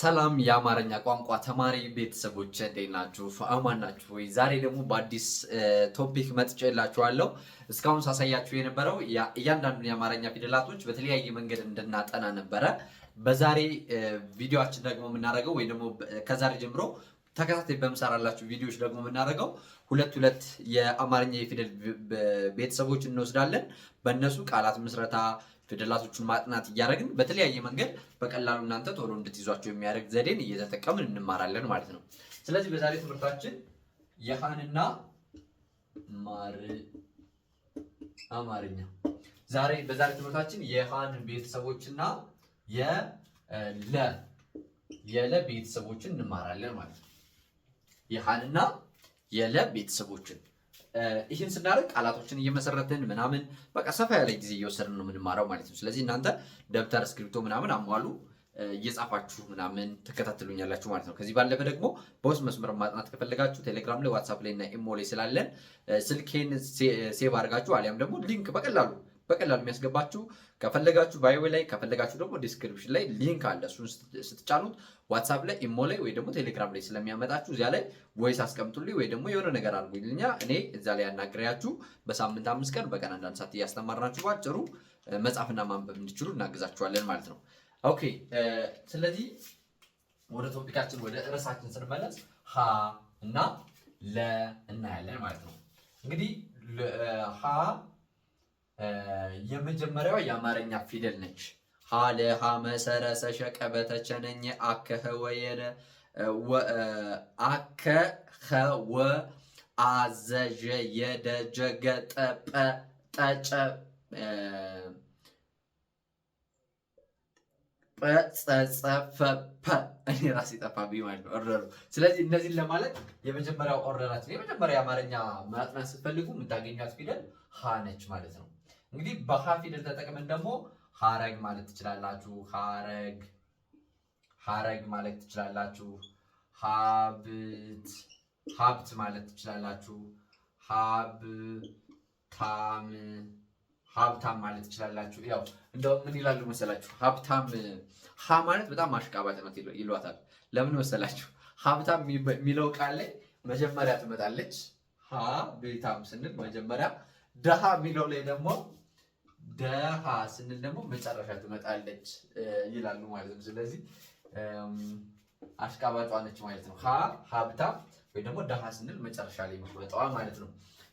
ሰላም የአማርኛ ቋንቋ ተማሪ ቤተሰቦች እንዴት ናችሁ? አማን ናችሁ ወይ? ዛሬ ደግሞ በአዲስ ቶፒክ መጥቼላችኋለሁ። እስካሁን ሳሳያችሁ የነበረው እያንዳንዱን የአማርኛ ፊደላቶች በተለያየ መንገድ እንድናጠና ነበረ። በዛሬ ቪዲዮችን ደግሞ የምናደርገው ወይ ደግሞ ከዛሬ ጀምሮ ተከታታይ በምሰራላችሁ ቪዲዮዎች ደግሞ የምናደርገው ሁለት ሁለት የአማርኛ የፊደል ቤተሰቦች እንወስዳለን። በእነሱ ቃላት ምስረታ ፊደላቶቹን ማጥናት እያደረግን በተለያየ መንገድ በቀላሉ እናንተ ቶሎ እንድትይዟቸው የሚያደርግ ዘዴን እየተጠቀምን እንማራለን ማለት ነው። ስለዚህ በዛሬ ትምህርታችን የሃንና ማር አማርኛ ዛሬ በዛሬ ትምህርታችን የሀን ቤተሰቦችና የለ የለ ቤተሰቦችን እንማራለን ማለት ነው። የሃንና የለ ቤተሰቦችን ይህን ስናደርግ ቃላቶችን እየመሰረትን ምናምን በቃ ሰፋ ያለ ጊዜ እየወሰድን ነው የምንማረው ማለት ነው። ስለዚህ እናንተ ደብተር እስክሪፕቶ ምናምን አሟሉ እየጻፋችሁ ምናምን ትከታተሉኛላችሁ ማለት ነው። ከዚህ ባለፈ ደግሞ በውስጥ መስመር ማጥናት ከፈለጋችሁ ቴሌግራም ላይ፣ ዋትሳፕ ላይ እና ኢሞ ላይ ስላለን ስልኬን ሴቭ አድርጋችሁ አሊያም ደግሞ ሊንክ በቀላሉ በቀላሉ የሚያስገባችሁ ከፈለጋችሁ ባዮ ላይ ከፈለጋችሁ ደግሞ ዲስክሪፕሽን ላይ ሊንክ አለ። እሱን ስትጫኑት ዋትሳፕ ላይ ኢሞ ላይ ወይ ደግሞ ቴሌግራም ላይ ስለሚያመጣችሁ እዚያ ላይ ቮይስ አስቀምጡልኝ ወይ ደግሞ የሆነ ነገር አድርጉልኛ እኔ እዛ ላይ ያናግሪያችሁ። በሳምንት አምስት ቀን በቀን አንዳንድ ሰዓት እያስተማርናችሁ በአጭሩ መጻፍና ማንበብ እንዲችሉ እናግዛችኋለን ማለት ነው። ኦኬ ስለዚህ ወደ ቶፒካችን ወደ ርዕሳችን ስንመለስ ሀ እና ለ እናያለን ማለት ነው። እንግዲህ ሀ የመጀመሪያው የአማርኛ ፊደል ነች። ሀለ ሀመሰረሰ ሸቀበተቸነኝ አከኸ ወየነ አከኸወ አዘዠ የደጀ ገጠጠ ጠጨ ጸጸፈፐ እኔ ራሴ ጠፋብኝ ማለት ነው። እረሩ ስለዚህ እነዚህን ለማለት የመጀመሪያው ኦረራችን የመጀመሪያ የአማርኛ ማጥናት ስትፈልጉ የምታገኛት ፊደል ሀ ነች ማለት ነው። እንግዲህ በሀ ፊደል ተጠቅመን ደግሞ ሀረግ ማለት ትችላላችሁ። ሀረግ ሀረግ ማለት ትችላላችሁ። ሀብት ሀብት ማለት ትችላላችሁ። ሀብታም ሀብታም ማለት ትችላላችሁ። ያው እንደው ምን ይላሉ መሰላችሁ ሀብታም ሀ ማለት በጣም አሽቃባጭ ናት ይሏታል። ለምን መሰላችሁ? ሀብታም የሚለው ቃል ላይ መጀመሪያ ትመጣለች። ሀ ቤታም ስንል መጀመሪያ ደሃ የሚለው ላይ ደግሞ ደሃ ስንል ደግሞ መጨረሻ ትመጣለች ይላሉ ማለት ነው። ስለዚህ አሽቃባጯ ነች ማለት ነው። ሀ ሀብታ ወይ ደግሞ ደሃ ስንል መጨረሻ ላይ የምትመጣዋ ማለት ነው።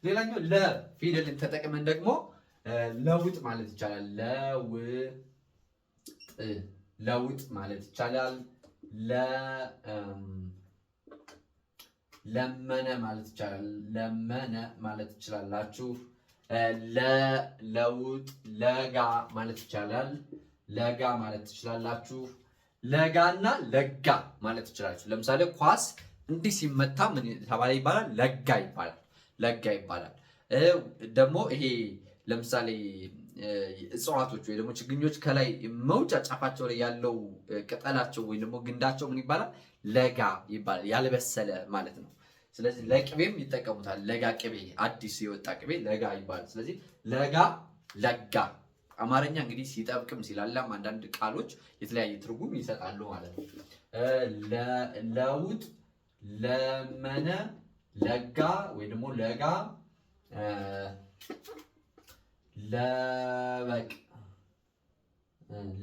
ሌላኛው ለ ፊደልን ተጠቅመን ደግሞ ለውጥ ማለት ይቻላል። ለውጥ ለውጥ ማለት ይቻላል። ለመነ ማለት ይቻላል። ለመነ ማለት ይችላላችሁ። ለለውጥ ለጋ ማለት ይቻላል። ለጋ ማለት ትችላላችሁ። ለጋና ለጋ ማለት ትችላላችሁ። ለምሳሌ ኳስ እንዲህ ሲመታ ምን ተባለ ይባላል? ለጋ ይባላል። ለጋ ይባላል። ደግሞ ይሄ ለምሳሌ እጽዋቶች ወይ ደግሞ ችግኞች ከላይ መውጫ ጫፋቸው ላይ ያለው ቅጠላቸው ወይ ደግሞ ግንዳቸው ምን ይባላል? ለጋ ይባላል። ያልበሰለ ማለት ነው። ስለዚህ ለቅቤም ይጠቀሙታል። ለጋ ቅቤ፣ አዲስ የወጣ ቅቤ ለጋ ይባላል። ስለዚህ ለጋ ለጋ። አማርኛ እንግዲህ ሲጠብቅም ሲላላም አንዳንድ ቃሎች የተለያየ ትርጉም ይሰጣሉ ማለት ነው። ለውጥ፣ ለመነ፣ ለጋ ወይ ደግሞ ለጋ ለበቅ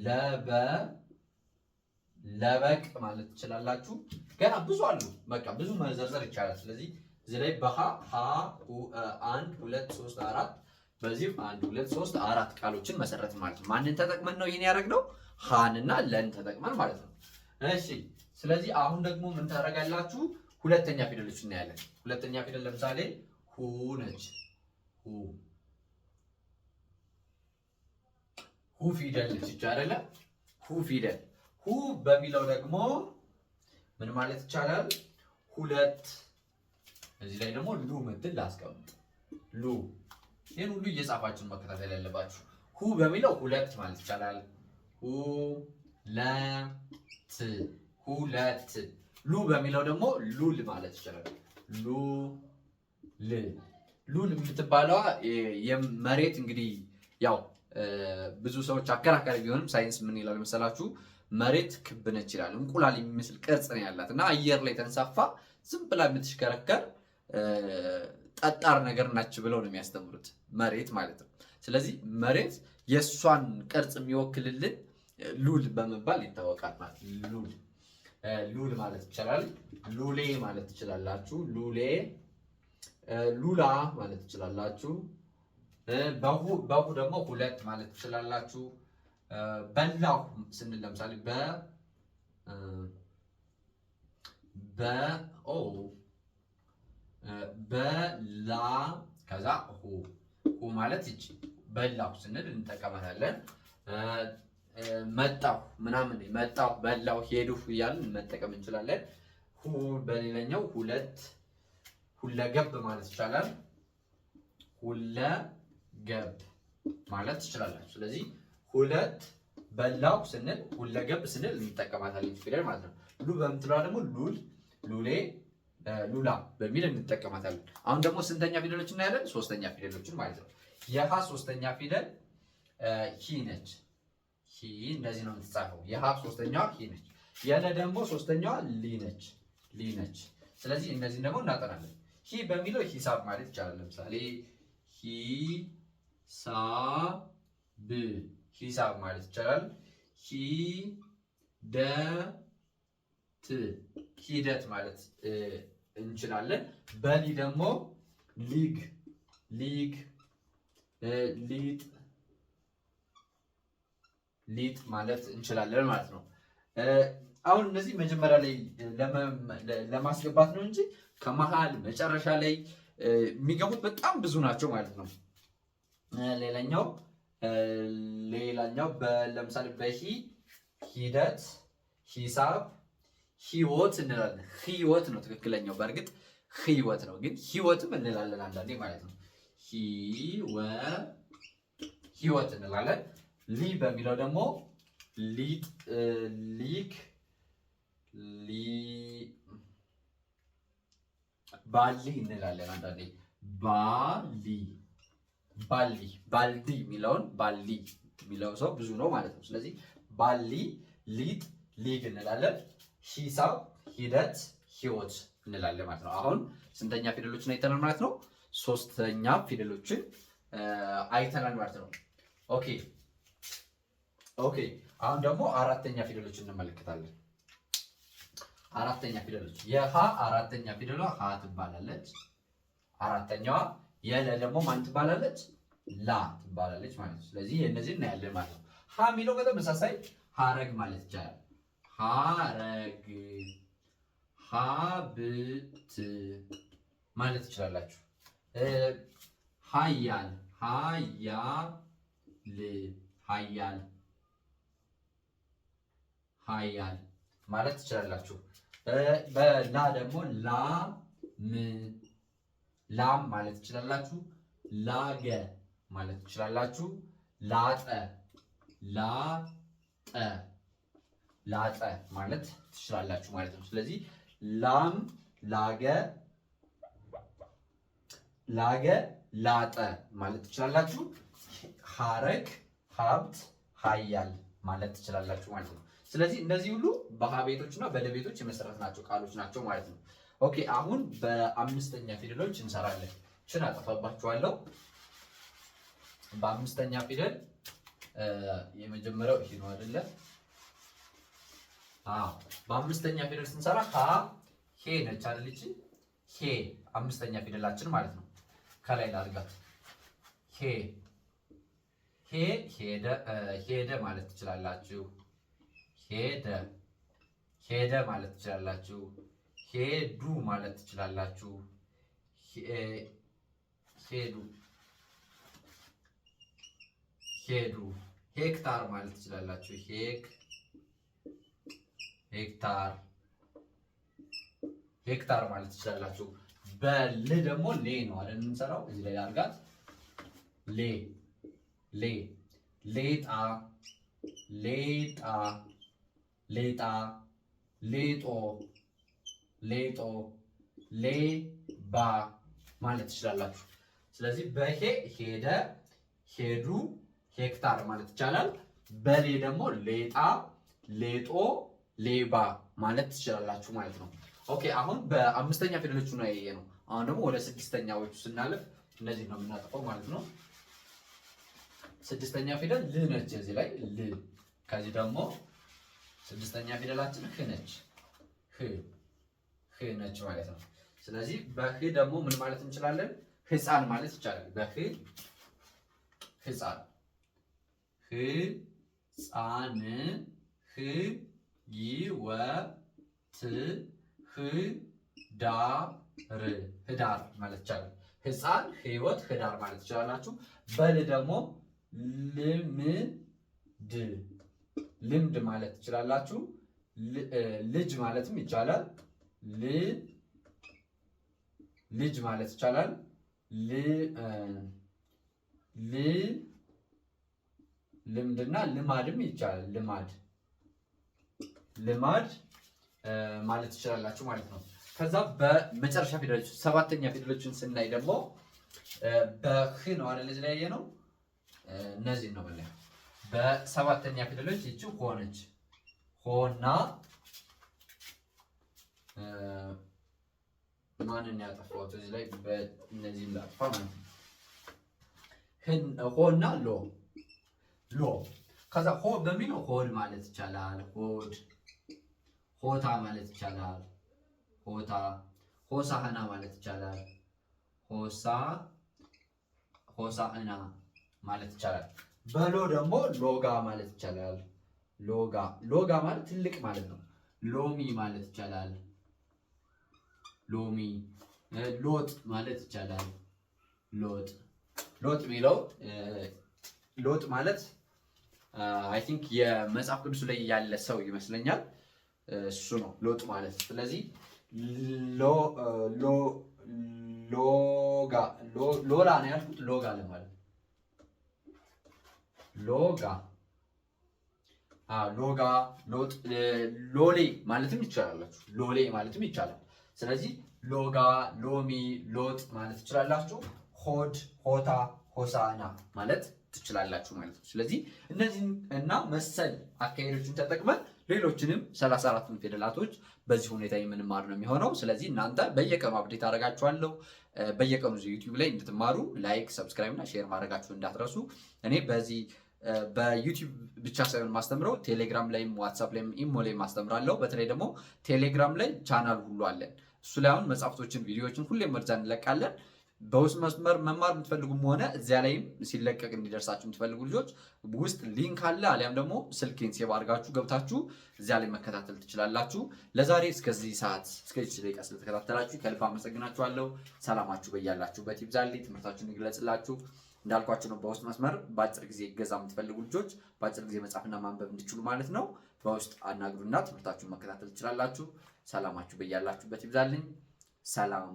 ለበ ለበቅ ማለት ትችላላችሁ። ገና ብዙ አሉ፣ በቃ ብዙ መዘርዘር ይቻላል። ስለዚህ እዚህ ላይ በሀ ሀ አንድ ሁለት ሶስት አራት በዚህም አንድ ሁለት ሶስት አራት ቃሎችን መሰረት ማለት ነው። ማንን ተጠቅመን ነው ይህን ያደረግነው? ሀን እና ለን ተጠቅመን ማለት ነው። እሺ ስለዚህ አሁን ደግሞ ምን ታደርጋላችሁ? ሁለተኛ ፊደሎች እናያለን። ሁለተኛ ፊደል ለምሳሌ ሁ ነች። ሁ ሁ ፊደል ነች። አይደለ? ሁ ፊደል ሁ በሚለው ደግሞ ምን ማለት ይቻላል? ሁለት እዚህ ላይ ደግሞ ሉ ምትል ላስቀምጥ። ሉ ይህን ሁሉ እየጻፋችሁን መከታተል ያለባችሁ። ሁ በሚለው ሁለት ማለት ይቻላል። ሁ ለት ሁለት። ሉ በሚለው ደግሞ ሉል ማለት ይቻላል። ሉ ል ሉል የምትባለዋ የመሬት እንግዲህ ያው ብዙ ሰዎች አከራካሪ ቢሆንም ሳይንስ ምን ይላል መሰላችሁ መሬት ክብ ነች ይላል። እንቁላል የሚመስል ቅርጽ ነው ያላት እና አየር ላይ ተንሳፋ ዝም ብላ የምትሽከረከር ጠጣር ነገር ናች ብለው ነው የሚያስተምሩት መሬት ማለት ነው። ስለዚህ መሬት የእሷን ቅርጽ የሚወክልልን ሉል በመባል ይታወቃል ማለት ሉል ሉል ማለት ይችላል። ሉሌ ማለት ትችላላችሁ። ሉሌ ሉላ ማለት ትችላላችሁ። በሁ በሁ ደግሞ ሁለት ማለት ትችላላችሁ። በላሁ ስንል ለምሳሌ በ ኦ በላ ከዛ ሁ ሁ ማለት እቺ በላሁ ስንል እንጠቀማታለን። መጣሁ ምናምን መጣሁ፣ በላሁ፣ ሄድሁ እያልን መጠቀም እንችላለን። ሁ በሌላኛው ሁለት ሁለገብ ማለት ይቻላል። ሁለገብ ማለት ይችላላችሁ። ስለዚህ ሁለት በላው ስንል ሁለገብ ስንል እንጠቀማታለን ፊደል ማለት ነው። ሉ በምትለዋ ደግሞ ሉል፣ ሉሌ፣ ሉላ በሚል እንጠቀማታለን። አሁን ደግሞ ስንተኛ ፊደሎች እናያለን? ሶስተኛ ፊደሎችን ማለት ነው። የሀ ሶስተኛ ፊደል ሂ ነች። ሂ እንደዚህ ነው የምትጻፈው። የሀ ሶስተኛዋ ሂ ነች። የለ ደግሞ ሶስተኛዋ ሊ ነች። ሊ ነች። ስለዚህ እነዚህን ደግሞ እናጠናለን። ሂ በሚለው ሂሳብ ማለት ይቻላል። ለምሳሌ ሂሳብ ሂሳብ ማለት ይቻላል። ሂደት ሂደት ማለት እንችላለን። በሊ ደግሞ ሊግ ሊግ ሊጥ ሊጥ ማለት እንችላለን ማለት ነው። አሁን እነዚህ መጀመሪያ ላይ ለማስገባት ነው እንጂ ከመሀል መጨረሻ ላይ የሚገቡት በጣም ብዙ ናቸው ማለት ነው። ሌላኛው ሌላኛው ለምሳሌ በሂ ሂደት፣ ሂሳብ፣ ህይወት እንላለን። ህይወት ነው ትክክለኛው። በእርግጥ ህይወት ነው፣ ግን ህይወትም እንላለን አንዳንዴ ማለት ነው። ህይወት እንላለን። ሊ በሚለው ደግሞ ሊክ፣ ሊ ባሊ እንላለን አንዳንዴ ባሊ ባሊ ባልዲ የሚለውን ባሊ የሚለው ሰው ብዙ ነው ማለት ነው። ስለዚህ ባሊ፣ ሊጥ፣ ሊግ እንላለን። ሂሳብ፣ ሂደት፣ ህይወት እንላለን ማለት ነው። አሁን ስንተኛ ፊደሎችን አይተናል ማለት ነው? ሶስተኛ ፊደሎችን አይተናል ማለት ነው። ኦኬ ኦኬ። አሁን ደግሞ አራተኛ ፊደሎችን እንመለከታለን። አራተኛ ፊደሎች የሀ አራተኛ ፊደሏ ሀ ትባላለች። አራተኛዋ የለ ደግሞ ማን ትባላለች? ላ ትባላለች ማለት ነው። ስለዚህ የእነዚህ እናያለን ማለት ነው። ሀ የሚለው በተመሳሳይ ሀረግ ማለት ይቻላል። ሀረግ ሀብት ማለት ትችላላችሁ። ሀያል ሀያል ሀያል ሀያል ማለት ትችላላችሁ። በላ ደግሞ ላም ላም ማለት ትችላላችሁ። ላገ ማለት ትችላላችሁ። ላጠ ላጠ ላጠ ማለት ትችላላችሁ ማለት ነው። ስለዚህ ላም፣ ላገ፣ ላገ፣ ላጠ ማለት ትችላላችሁ። ሀረግ፣ ሀብት፣ ሀያል ማለት ትችላላችሁ ማለት ነው። ስለዚህ እነዚህ ሁሉ በሀ ቤቶች እና በደ ቤቶች የመሰረት ናቸው ቃሎች ናቸው ማለት ነው። ኦኬ አሁን በአምስተኛ ፊደሎች እንሰራለን። ችን አጠፋባችኋለሁ። በአምስተኛ ፊደል የመጀመሪያው ይሄ ነው አይደለ? በአምስተኛ ፊደል ስንሰራ ሀ ሄ ነች አይደል? እቺ ሄ አምስተኛ ፊደላችን ማለት ነው። ከላይ ላድርጋት። ሄ ሄ ሄደ ሄደ ማለት ትችላላችሁ። ሄደ ሄደ ማለት ትችላላችሁ። ሄዱ ማለት ትችላላችሁ። ሄዱ ሄዱ ሄክታር ማለት ትችላላችሁ። ሄክ ሄክታር ሄክታር ማለት ትችላላችሁ። በል ደግሞ ሌ ነው አይደል የምንሰራው። እዚህ ላይ አድርጋት ሌ ሌ ሌጣ ሌጣ ሌጣ ሌጦ ሌጦ፣ ሌባ ማለት ትችላላችሁ። ስለዚህ በሄ ሄደ፣ ሄዱ፣ ሄክታር ማለት ይቻላል። በሌ ደግሞ ሌጣ፣ ሌጦ፣ ሌባ ማለት ትችላላችሁ ማለት ነው። ኦኬ አሁን በአምስተኛ ፊደሎቹ ነው ያየ ነው። አሁን ደግሞ ወደ ስድስተኛዎቹ ስናልፍ እነዚህ ነው የምናጠፈው ማለት ነው። ስድስተኛ ፊደል ል ነች። እዚህ ላይ ል። ከዚህ ደግሞ ስድስተኛ ፊደላችን ህ ነች። ህ ህ ነች ማለት ነው። ስለዚህ በህ ደግሞ ምን ማለት እንችላለን? ህፃን ማለት ይቻላል። በህ ህፃን፣ ህፃን፣ ህይወት፣ ህዳር ህዳር ማለት ይቻላል። ህፃን፣ ህይወት፣ ህዳር ማለት ይችላላችሁ። በል ደግሞ ልምድ ልምድ ማለት ትችላላችሁ። ልጅ ማለትም ይቻላል። ል ልጅ ማለት ይቻላል። ል ል ልምድና ልማድም ይቻላል። ልማድ ልማድ ማለት ትችላላችሁ ማለት ነው። ከዛ በመጨረሻ ፊደሎች ሰባተኛ ፊደሎችን ስናይ ደግሞ በህ ነው አይደል? እዚህ ላይ ያየ ነው። እነዚህን ነው በላይ በሰባተኛ ፊደሎች ይቺ ሆነች ሆና ማንን ያጠፋሁት እዚህ ላይ እነዚህ ላጥፋ ማለት ነው። ሆና ሎ ሎ ከዛ ሆ በሚለው ሆድ ማለት ይቻላል። ሆድ ሆታ ማለት ይቻላል። ሆታ ሆሳህና ማለት ይቻላል። ሆሳ ሆሳህና ማለት ይቻላል። በሎ ደግሞ ሎጋ ማለት ይቻላል። ሎጋ ሎጋ ማለት ትልቅ ማለት ነው። ሎሚ ማለት ይቻላል። ሎሚ፣ ሎጥ ማለት ይቻላል። ሎጥ ሎጥ የሚለው ሎጥ ማለት አይ ቲንክ የመጽሐፍ ቅዱስ ላይ ያለ ሰው ይመስለኛል። እሱ ነው ሎጥ ማለት። ስለዚህ ሎጋ ሎላ ነው ያልኩት። ሎጋ ለማለት ሎጋ ሎጋ ሎጥ ሎሌ ማለትም ይቻላላችሁ። ሎሌ ማለትም ይቻላል። ስለዚህ ሎጋ፣ ሎሚ፣ ሎጥ ማለት ትችላላችሁ። ሆድ፣ ሆታ፣ ሆሳና ማለት ትችላላችሁ ማለት ነው። ስለዚህ እነዚህን እና መሰል አካሄዶችን ተጠቅመን ሌሎችንም 34ቱን ፊደላቶች በዚህ ሁኔታ የምንማር ነው የሚሆነው። ስለዚህ እናንተ በየቀኑ አብዴት አደርጋችኋለሁ። በየቀኑ ዩቲዩብ ላይ እንድትማሩ ላይክ፣ ሰብስክራይብ እና ሼር ማድረጋችሁ እንዳትረሱ። እኔ በዚህ በዩቲዩብ ብቻ ሳይሆን ማስተምረው ቴሌግራም ላይም ዋትሳፕ ላይም ኢሞ ላይ ማስተምራለሁ። በተለይ ደግሞ ቴሌግራም ላይ ቻናል ሁሉ አለን። እሱ ላይ አሁን መጽሐፍቶችን፣ ቪዲዮዎችን ሁሌ መርጃ እንለቃለን። በውስጥ መስመር መማር የምትፈልጉም ሆነ እዚያ ላይም ሲለቀቅ እንዲደርሳችሁ የምትፈልጉ ልጆች ውስጥ ሊንክ አለ፣ አሊያም ደግሞ ስልኬን ሴቭ አድርጋችሁ ገብታችሁ እዚያ ላይ መከታተል ትችላላችሁ። ለዛሬ እስከዚህ ሰዓት እስከዚህ ደቂቃ ስለተከታተላችሁ ከልብ አመሰግናችኋለሁ። ሰላማችሁ በያላችሁበት ይብዛልኝ፣ ትምህርታችሁን ይግለጽላችሁ። እንዳልኳቸው ነው፣ በውስጥ መስመር በአጭር ጊዜ ይገዛ የምትፈልጉ ልጆች በአጭር ጊዜ መጻፍና ማንበብ እንዲችሉ ማለት ነው፣ በውስጥ አናግሩና ትምህርታችሁን መከታተል ትችላላችሁ። ሰላማችሁ በያላችሁበት ይብዛልኝ። ሰላም፣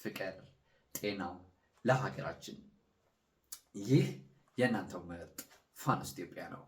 ፍቅር፣ ጤናው ለሀገራችን። ይህ የእናንተው ምርጥ ፋኖስ ኢትዮጵያ ነው።